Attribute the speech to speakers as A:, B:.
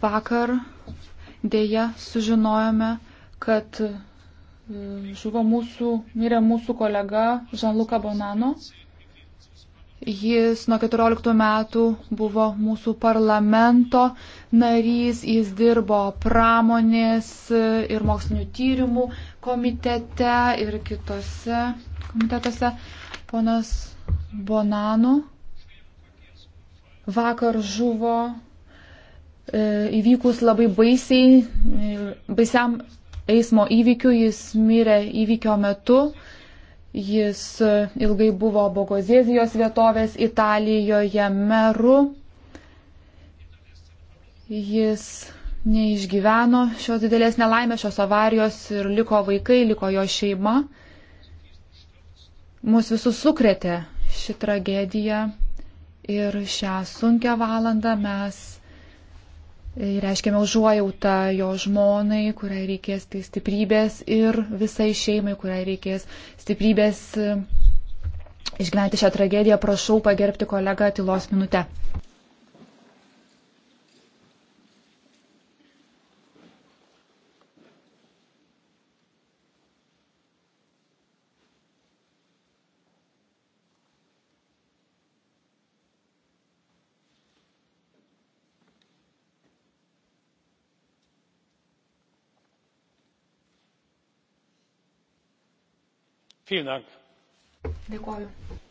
A: Vakar dėja sužinojome, kad e, žuvo mūsų, mirė mūsų kolega Žanluka Bonano. Jis nuo 14 metų buvo mūsų parlamento narys, jis dirbo pramonės ir mokslinių tyrimų komitete ir kitose komitetuose. Ponas Bonanu vakar žuvo E, įvykus labai baisiai, e, baisiam eismo įvykiu, jis mirė įvykio metu, jis e, ilgai buvo Bogozėzijos vietovės Italijoje meru, jis neišgyveno šios didelės nelaimės, šios avarijos ir liko vaikai, liko jo šeima. Mūsų visus sukretė ši tragedija ir šią sunkę valandą mes E, reiškiame užuojautą jo žmonai, kuriai reikės tai stiprybės ir visai šeimai, kuriai reikės stiprybės e, išgyventi šią tragediją. Prašau pagerbti kolegą tylos minutę. Dėkuoju.